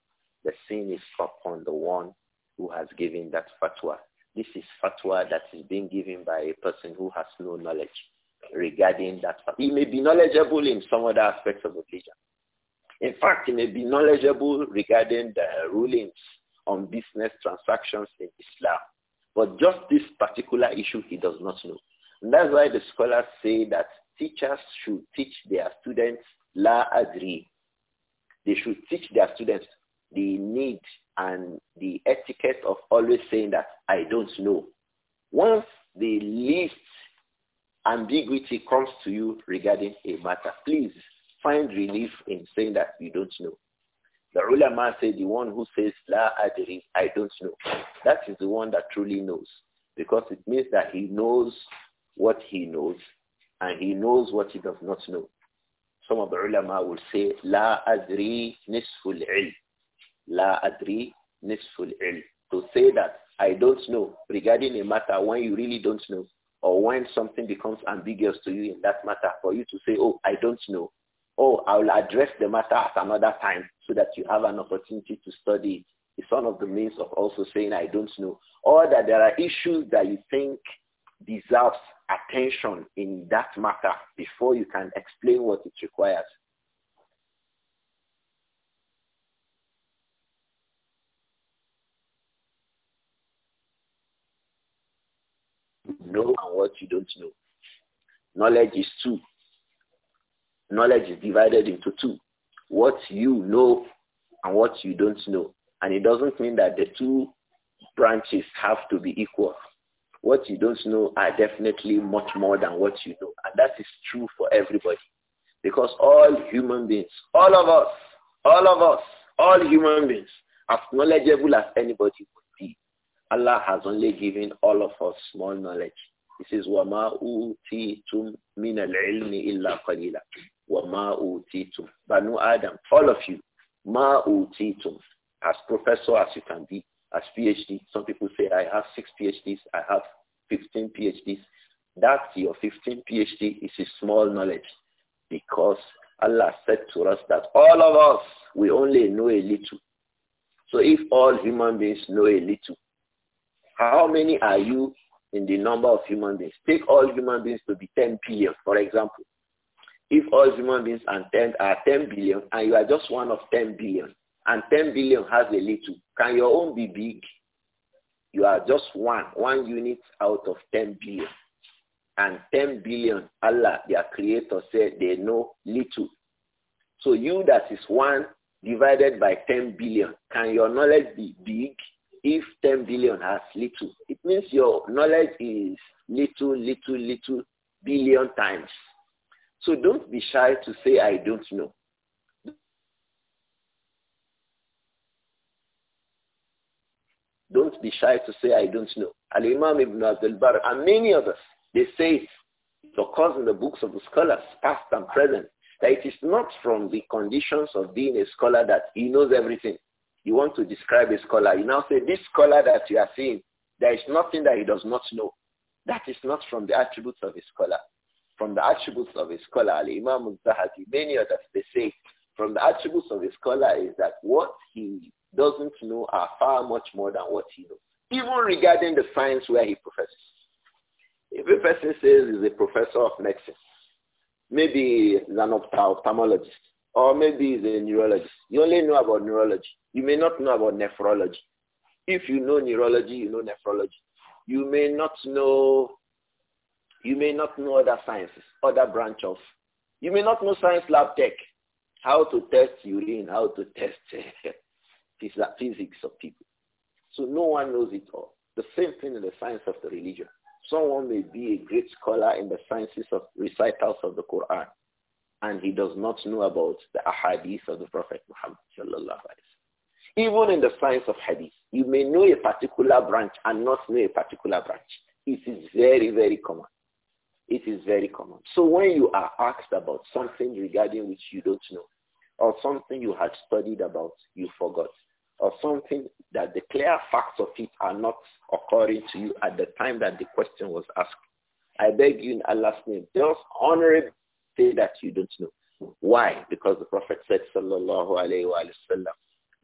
Speaker 1: The sin is upon the one who has given that fatwa. This is fatwa that is being given by a person who has no knowledge regarding that. He may be knowledgeable in some other aspects of religion. In fact, he may be knowledgeable regarding the rulings on business transactions in Islam. But just this particular issue, he does not know. And that's why the scholars say that teachers should teach their students la adri. They should teach their students the need and the etiquette of always saying that I don't know. Once the least ambiguity comes to you regarding a matter, please find relief in saying that you don't know. The ulama say the one who says la adri, I don't know. That is the one that truly knows because it means that he knows what he knows and he knows what he does not know. Some of the ulama will say la adri nisful ilm. La adri nisful ilm. To say that I don't know regarding a matter when you really don't know or when something becomes ambiguous to you in that matter for you to say, oh, I don't know. Oh, I will address the matter at another time so that you have an opportunity to study it. It's one of the means of also saying, I don't know. Or that there are issues that you think deserves attention in that matter before you can explain what it requires. know and what you don't know. Knowledge is two. Knowledge is divided into two. What you know and what you don't know. And it doesn't mean that the two branches have to be equal. What you don't know are definitely much more than what you know. And that is true for everybody. Because all human beings, all of us, all of us, all human beings, as knowledgeable as anybody Allah has only given all of us small knowledge. This is وَمَا أُوتِيتُم مِنَ الْعِلْمِ إِلَّا قَلِيلًا وَمَا أُوتِيتُم Banu Adam, all of you, مَا أُوتِيتُم As professor as you can be, as PhD, some people say, I have six PhDs, I have 15 PhDs. That your 15 PhD is a small knowledge because Allah said to us that all of us, we only know a little. So if all human beings know a little, how many are you in the number of human beings? Take all human beings to be 10 billion, for example. If all human beings and 10 are 10 billion and you are just one of 10 billion and 10 billion has a little, can your own be big? You are just one, one unit out of 10 billion. And 10 billion, Allah, their creator, said they know little. So you that is one divided by 10 billion, can your knowledge be big? If 10 billion has little, it means your knowledge is little, little, little billion times. So don't be shy to say, I don't know. Don't be shy to say, I don't know. Al-Imam Ibn Abdul Bar and many others, they say because in the books of the scholars, past and present, that it is not from the conditions of being a scholar that he knows everything. You want to describe a scholar. You now say, this scholar that you are seeing, there is nothing that he does not know. That is not from the attributes of a scholar. From the attributes of a scholar, Imam al-Zahabi, many others, they say, from the attributes of a scholar is that what he doesn't know are far much more than what he knows, even regarding the science where he professes. If a person says he's a professor of medicine, maybe he's an ophthalmologist, or maybe he's a neurologist. You only know about neurology. You may not know about nephrology. If you know neurology, you know nephrology. You may not know, you may not know other sciences, other branch of. You may not know science lab tech, how to test urine, how to test physics of people. So no one knows it all. The same thing in the science of the religion. Someone may be a great scholar in the sciences of recitals of the Quran and he does not know about the ahadith of the Prophet Muhammad Even in the science of hadith, you may know a particular branch and not know a particular branch. It is very, very common. It is very common. So when you are asked about something regarding which you don't know, or something you had studied about, you forgot, or something that the clear facts of it are not occurring to you at the time that the question was asked, I beg you in Allah's name, just it say that you don't know. Why? Because the Prophet said, sallallahu alaihi wasallam,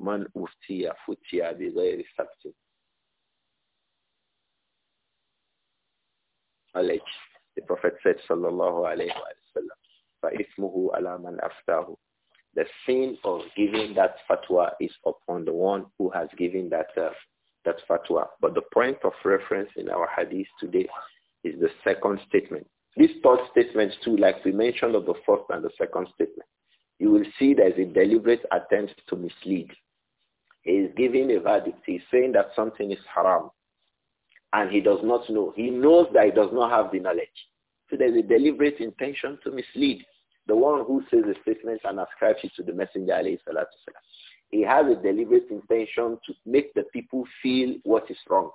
Speaker 1: man uftiya futiya bi ghayri sabtin. Alayhi. The Prophet said, sallallahu alaihi wasallam, sallam, فَإِثْمُهُ عَلَى مَنْ أَفْتَاهُ The sin of giving that fatwa is upon the one who has given that uh, that fatwa. But the point of reference in our hadith today is the second statement. These third statements too, like we mentioned of the first and the second statement, you will see there's a deliberate attempt to mislead. He is giving a verdict. He's saying that something is haram. And he does not know. He knows that he does not have the knowledge. So there's a deliberate intention to mislead. The one who says the statement and ascribes it to the messenger, alayhi He has a deliberate intention to make the people feel what is wrong.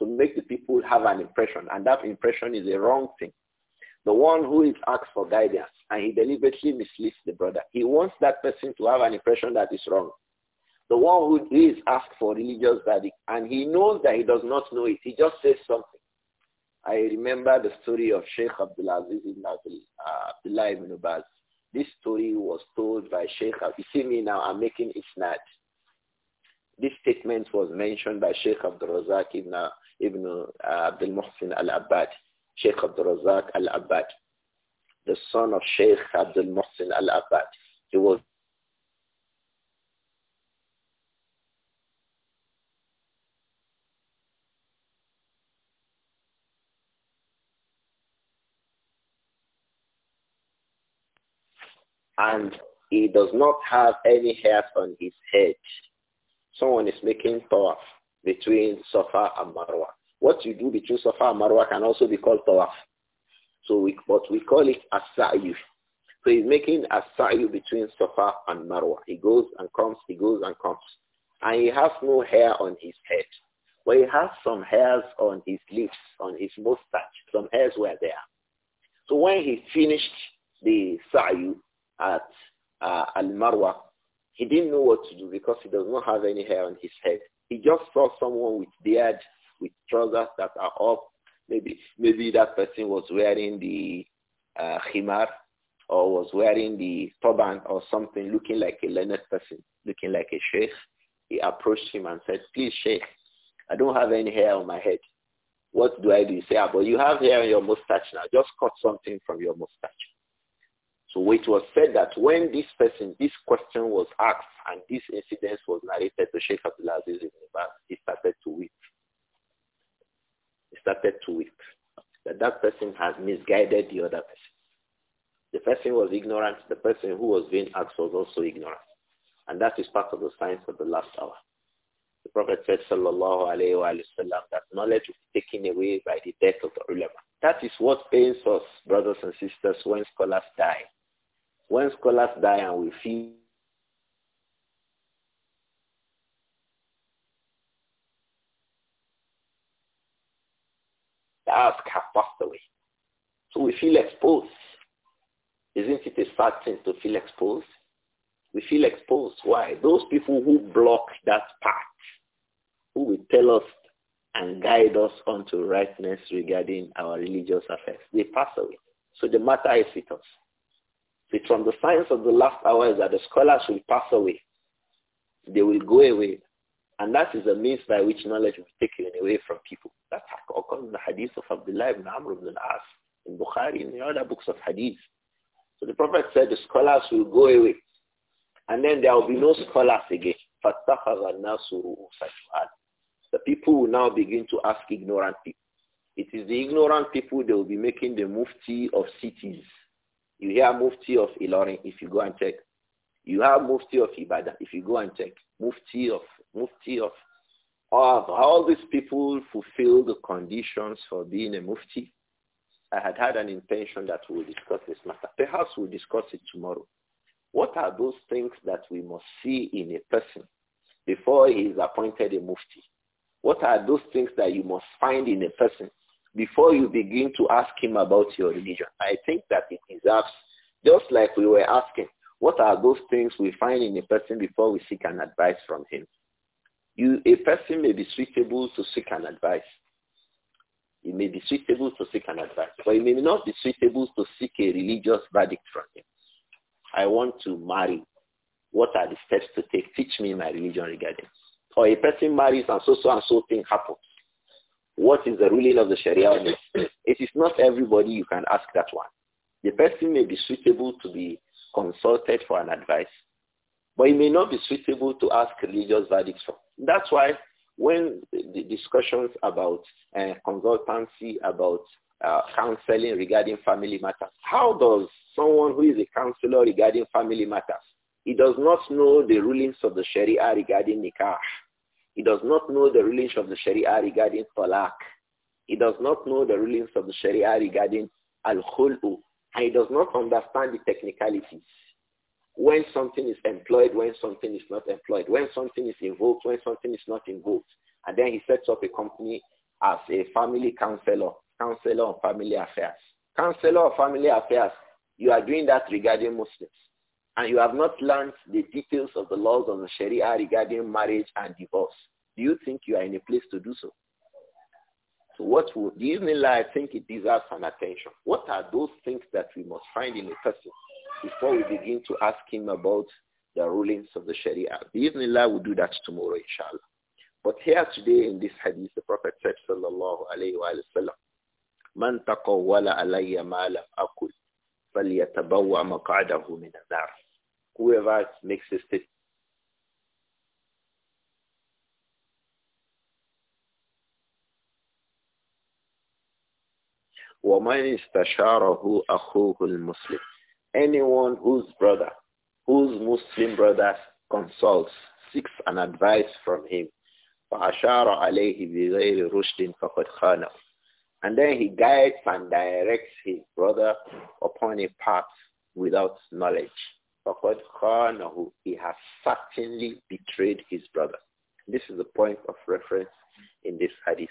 Speaker 1: To make the people have an impression. And that impression is a wrong thing. The one who is asked for guidance and he deliberately misleads the brother, he wants that person to have an impression that is wrong. The one who is asked for religious guidance and he knows that he does not know it, he just says something. I remember the story of Sheikh Abdulaziz ibn uh, Abdullah ibn Ubaz. This story was told by Sheikh, you see me now, I'm making isnad. This statement was mentioned by Sheikh Abdul Razak ibn, ibn uh, Abdul Muhsin al-Abbad. Sheikh Abdul Razak Al-Abbad, the son of Sheikh Abdul Muhsin Al-Abbad. He was and he does not have any hair on his head. Someone is making tawaf between Safa and Marwa. What you do between Safa and Marwa can also be called tawaf. So we, but we call it Asayu. So he's making a sayu between Safa and Marwa. He goes and comes, he goes and comes. And he has no hair on his head. But he has some hairs on his lips, on his mustache. Some hairs were there. So when he finished the sa'yu at uh, Al-Marwa, he didn't know what to do because he does not have any hair on his head. He just saw someone with beard with trousers that are up. Maybe maybe that person was wearing the uh, khimar or was wearing the turban or something, looking like a learned person, looking like a sheikh. He approached him and said, please, sheikh, I don't have any hair on my head. What do I do? He said, ah, but you have hair on your mustache now. Just cut something from your mustache. So it was said that when this person, this question was asked and this incident was narrated to Sheikh Aziz. started to it That that person has misguided the other person. The person was ignorant. The person who was being asked was also ignorant. And that is part of the science of the last hour. The Prophet said, sallallahu alayhi wa sallam, that knowledge is taken away by the death of the ulama. That is what pains us, brothers and sisters, when scholars die. When scholars die and we feel we feel exposed. Isn't it a sad thing to feel exposed? We feel exposed. Why? Those people who block that path, who will tell us and guide us onto rightness regarding our religious affairs, they pass away. So the matter is with us. It's from the signs of the last hour is that the scholars will pass away. They will go away. And that is the means by which knowledge will be taken away from people. That occurs in the hadith of Abdullah ibn Amr ibn al in Bukhari, and the other books of Hadith. So the Prophet said the scholars will go away. And then there will be no scholars again. The people will now begin to ask ignorant people. It is the ignorant people that will be making the mufti of cities. You hear mufti of Ilorin if you go and check. You have mufti of Ibadan if you go and check. Mufti of, mufti of. have all these people fulfill the conditions for being a mufti. I had had an intention that we will discuss this matter. Perhaps we'll discuss it tomorrow. What are those things that we must see in a person before he is appointed a mufti? What are those things that you must find in a person before you begin to ask him about your religion? I think that it deserves, just like we were asking, what are those things we find in a person before we seek an advice from him? You, a person may be suitable to seek an advice. It may be suitable to seek an advice, but it may not be suitable to seek a religious verdict from him. I want to marry. What are the steps to take? Teach me my religion regarding. Or a person marries and so so and so thing happens. What is the ruling of the Sharia on this? It is not everybody you can ask that one. The person may be suitable to be consulted for an advice, but it may not be suitable to ask religious verdicts from. That's why when the discussions about uh, consultancy, about uh, counseling regarding family matters, how does someone who is a counselor regarding family matters, he does not know the rulings of the Sharia regarding nikah. He does not know the rulings of the Sharia regarding talaq. He does not know the rulings of the Sharia regarding al-khul'u. And he does not understand the technicalities when something is employed, when something is not employed, when something is involved, when something is not involved. And then he sets up a company as a family counselor, counselor on family affairs. Counselor of family affairs, you are doing that regarding Muslims. And you have not learned the details of the laws of the Sharia regarding marriage and divorce. Do you think you are in a place to do so? So what would, you evening I think it deserves an attention. What are those things that we must find in a person? before we begin to ask him about the rulings of the Sharia. Bismillah, we'll do that tomorrow, inshallah. But here today in this hadith, the Prophet said, sallallahu alayhi wa sallam, من تقول علي ما لم أقل فليتبوأ مقعده من النار. Whoever makes a statement ومن استشاره أخوه المسلم anyone whose brother, whose Muslim brother consults, seeks an advice from him, and then he guides and directs his brother upon a path without knowledge. He has certainly betrayed his brother. This is the point of reference in this hadith.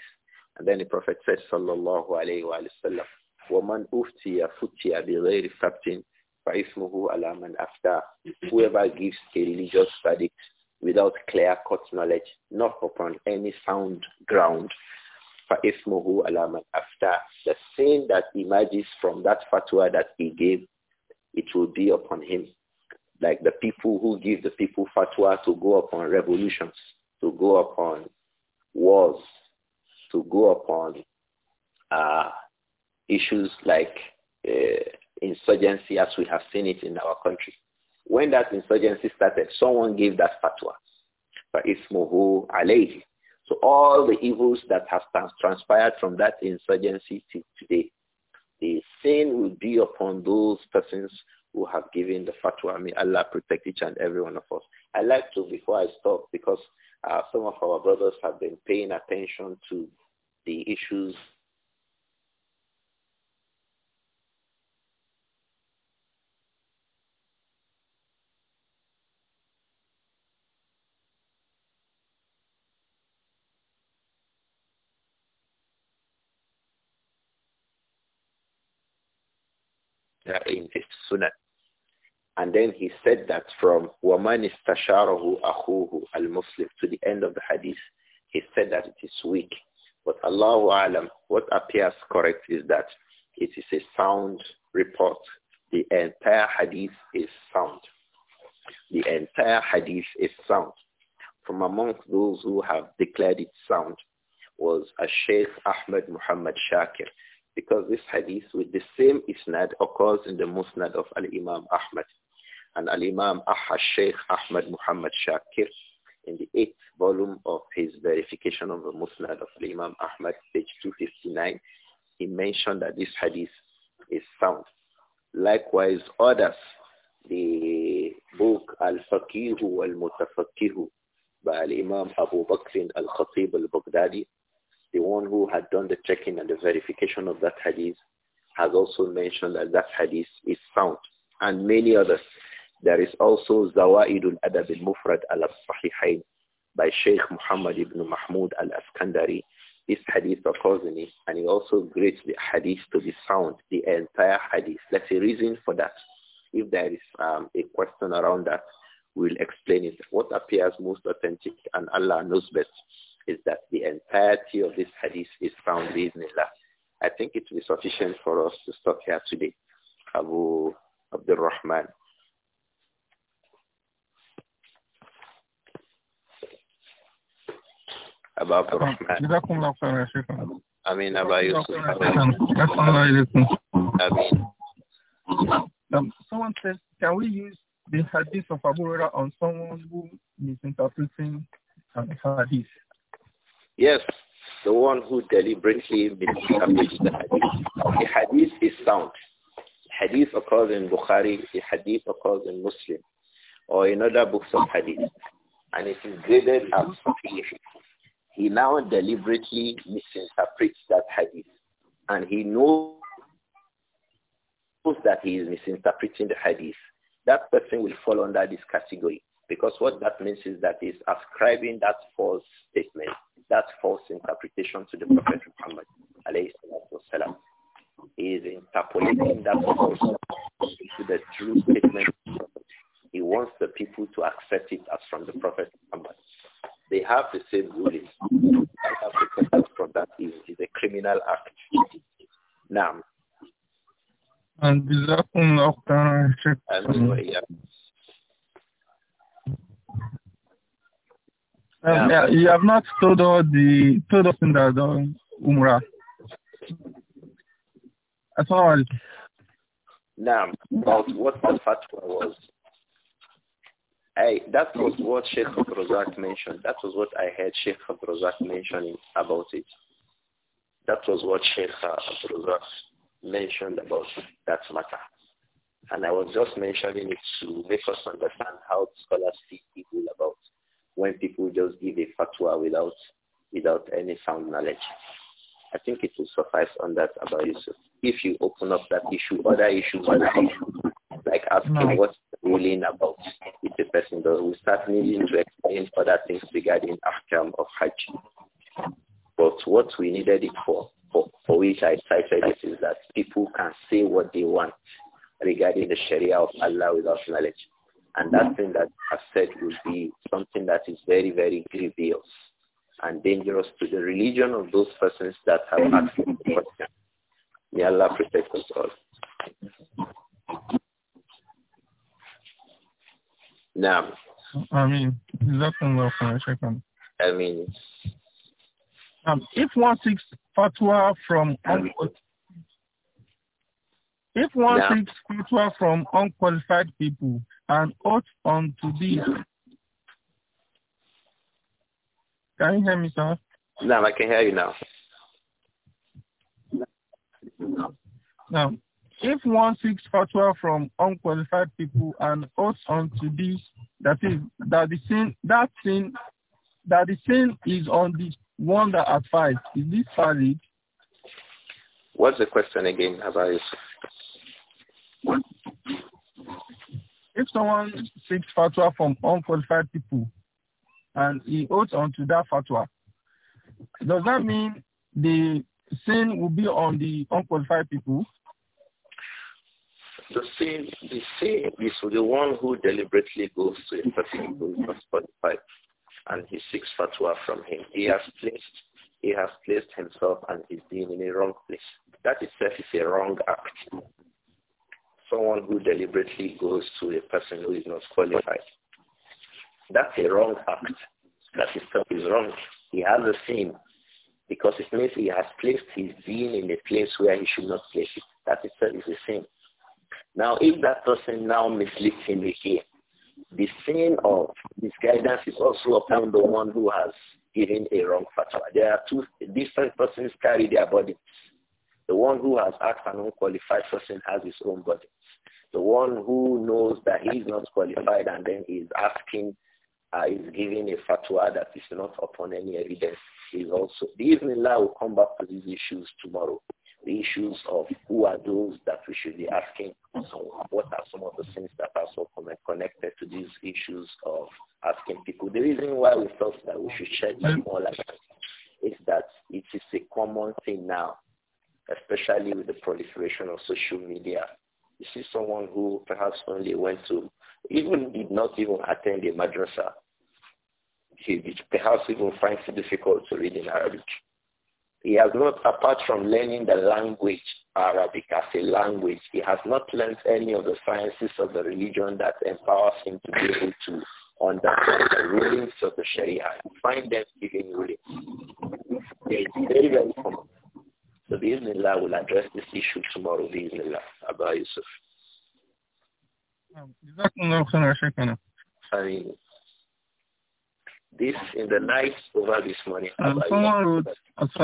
Speaker 1: And then the Prophet says, Sallallahu Alaihi Wasallam, وَمَنْ أُفْتِيَ فُتِيَ بِغَيْرِ if عَلَى مَنْ after Whoever gives a religious verdict without clear-cut knowledge, not upon any sound ground, if عَلَى مَنْ after The sin that emerges from that fatwa that he gave, it will be upon him. Like the people who give the people fatwa to go upon revolutions, to go upon wars, to go upon uh, issues like uh, insurgency as we have seen it in our country. When that insurgency started, someone gave that fatwa. فَإِسْمُهُ عَلَيْهِ So all the evils that have transpired from that insurgency to today, the sin will be upon those persons who have given the fatwa. May Allah protect each and every one of us. I like to, before I stop, because uh, some of our brothers have been paying attention to the issues sunan. And then he said that from وَمَنِ اسْتَشَارَهُ أَخُوهُ al-Muslim to the end of the hadith, he said that it is weak. But Allahu Alam, what appears correct is that it is a sound report. The entire hadith is sound. The entire hadith is sound. From among those who have declared it sound was a Sheikh Ahmed Muhammad Shakir. Because this hadith with the same isnad occurs in the musnad of Al-Imam Ahmad. And Al-Imam Ahash Ahmad Muhammad Shakir in the eighth volume of his verification of the Musnad of Al Imam Ahmad, page 259, he mentioned that this hadith is sound. Likewise, others, the book Al-Faqihu al mutafakihu by Al Imam Abu Bakr al-Khatib al-Baghdadi the one who had done the checking and the verification of that hadith has also mentioned that that hadith is sound and many others. There is also al Adab al-Mufrad al-Sahihain by Sheikh Muhammad ibn Mahmud al-Askandari. This hadith occurs in it and he also grades the hadith to be sound, the entire hadith. That's a reason for that. If there is um, a question around that, we'll explain it. What appears most authentic and Allah knows best is that the entirety of this hadith is found in Allah. I think it will be sufficient for us to stop here today. Abu Abdul Rahman.
Speaker 2: Abu Abdul Rahman.
Speaker 1: I mean, Abu Yusuf.
Speaker 2: Um, someone says, can we use the hadith of Abu Hurairah on someone who is interpreting a hadith?
Speaker 1: Yes, the one who deliberately misinterprets the hadith. The hadith is sound. hadith occurs in Bukhari, the hadith occurs in Muslim, or in other books of hadith. And it is graded as sahih. He now deliberately misinterprets that hadith. And he knows that he is misinterpreting the hadith. That person will fall under this category. Because what that means is that is ascribing that false statement, that false interpretation to the Prophet Muhammad والسلام, is interpolating that false into the true statement. He wants the people to accept it as from the Prophet Muhammad. They have the same rulings. From that is, is a criminal act. Now. And Um, yeah.
Speaker 2: You have not told us the told us in the Umrah. That's all.
Speaker 1: Now, about what the fatwa was. I, that was what Sheikh Abrazak mentioned. That was what I heard Sheikh Abrazak mentioning about it. That was what Sheikh Abrazak mentioned about that matter. And I was just mentioning it to make us understand how scholars see people about when people just give a fatwa without without any sound knowledge. I think it will suffice on that about Yusuf. If you open up that issue, other issues will come, like asking no. what's the ruling about if the person does. We start needing to explain other things regarding Ahkam of Hajj. But what we needed it for, for, for which I cited it, is that people can say what they want regarding the Sharia of Allah without knowledge. And that thing that I've said would be something that is very, very grievous and dangerous to the religion of those persons that have asked the question. May Allah protect us all. Now. I mean, I mean,
Speaker 2: um, if one seeks fatwa from unqualified, if one now, seeks fatwa from unqualified people, and oath unto thee. Can you hear me, sir?
Speaker 1: No, I can hear you now.
Speaker 2: Now, if one seeks fatwa from unqualified people and ought unto thee, that is that the sin that sin that the sin is on the one that advised, is this valid?
Speaker 1: What's the question again, Abba Yusuf?
Speaker 2: If someone seeks fatwa from unqualified people and he holds on to that fatwa, does that mean the sin will be on the unqualified people?
Speaker 1: The sin, the sin is the one who deliberately goes to a person who is not qualified and he seeks fatwa from him. He has placed he has placed himself and his deen in a wrong place. That itself is a wrong act someone who deliberately goes to a person who is not qualified. That's a wrong act. That itself is wrong. He has a sin because it means he has placed his being in a place where he should not place it. That itself is a sin. Now, if that person now misleads him again, the sin of misguidance is also upon the one who has given a wrong fatwa. There are two different persons carry their bodies. The one who has asked an unqualified person has his own body. The one who knows that he is not qualified and then he is asking, uh, is giving a fatwa that is not upon any evidence is also, the law will come back to these issues tomorrow. The issues of who are those that we should be asking so What are some of the things that are so connected to these issues of asking people? The reason why we thought that we should shed more light is that it is a common thing now, especially with the proliferation of social media you see someone who perhaps only went to, even did not even attend a madrasa. He perhaps even finds it difficult to read in Arabic. He has not, apart from learning the language, Arabic as a language, he has not learned any of the sciences of the religion that empowers him to be able to understand the rulings of the Sharia. You find them giving rulings. They very, very common. So Bismillah will address this issue tomorrow, Bismillah, Abba Yusuf. I mean, this in the night over this morning. Abba
Speaker 2: Yusuf.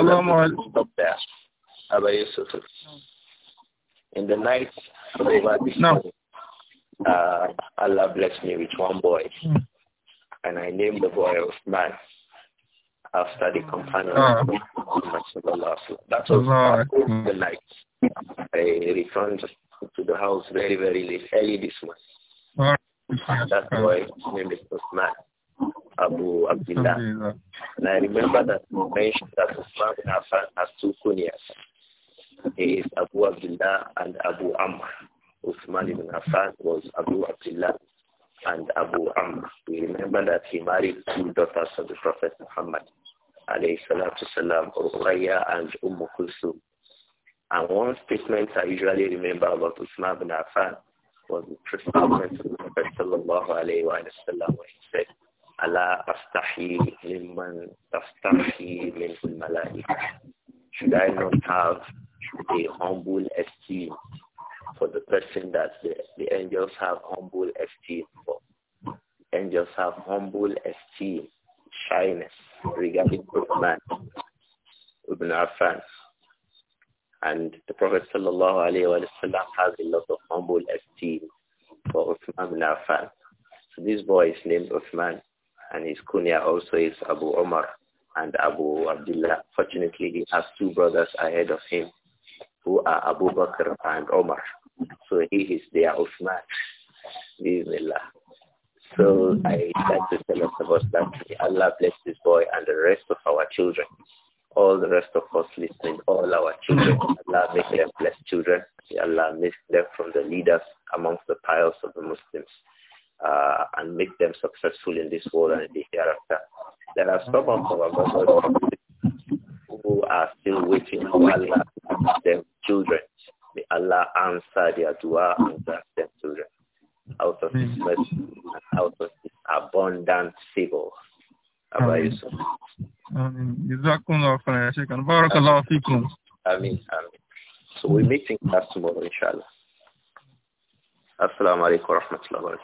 Speaker 1: Yusuf. In the night over this morning, uh, Allah blessed me with one boy. Hmm. And I named the boy Osman after the companion uh, That was ah. the night. I returned to the house very, very late, early this
Speaker 2: morning.
Speaker 1: Ah. That's why his name is Usman Abu Abdullah. And I remember that you mentioned that Usman bin Affan has two kunyas. He is Abu Abdullah and Abu Amr. Usman ibn Affan was Abu Abdullah and Abu Amr. We remember that he married two daughters of the Prophet Muhammad, alayhi salatu salam, and Umm Kulsum. And one statement I usually remember about Usman bin Affan was the statement of the Prophet sallallahu alayhi wa sallam when he said, Allah astahi mimman astahi min malaika. Should I not have a humble esteem for the person that the, the angels have humble esteem for. angels have humble esteem, shyness regarding man, Ibn Affan. And the Prophet sallallahu alayhi wa sallam has a lot of humble esteem for Uthman ibn Affan. So this boy is named Uthman and his kunya also is Abu Omar and Abu Abdullah. Fortunately, he has two brothers ahead of him who are Abu Bakr and Omar. So he is the Uthman. Bismillah. So I like to tell us about that. Allah bless this boy and the rest of our children. All the rest of us listening, all our children. Allah make them blessed children. Allah make them from the leaders amongst the piles of the Muslims. Uh, and make them successful in this world and in the hereafter. There are some of our brothers who are still waiting for Allah to give them children May Allah answer their dua and grant them children out of his mercy and out of his abundant favor. Abba Yusuf.
Speaker 2: Jazakumullah khairan, Sheikh. Barakallahu feekum.
Speaker 1: Ameen, ameen. So we meet in class tomorrow, inshallah. Assalamu alaikum wa rahmatullahi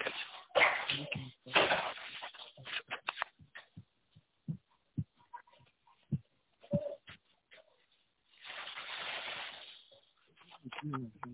Speaker 2: Mm-hmm.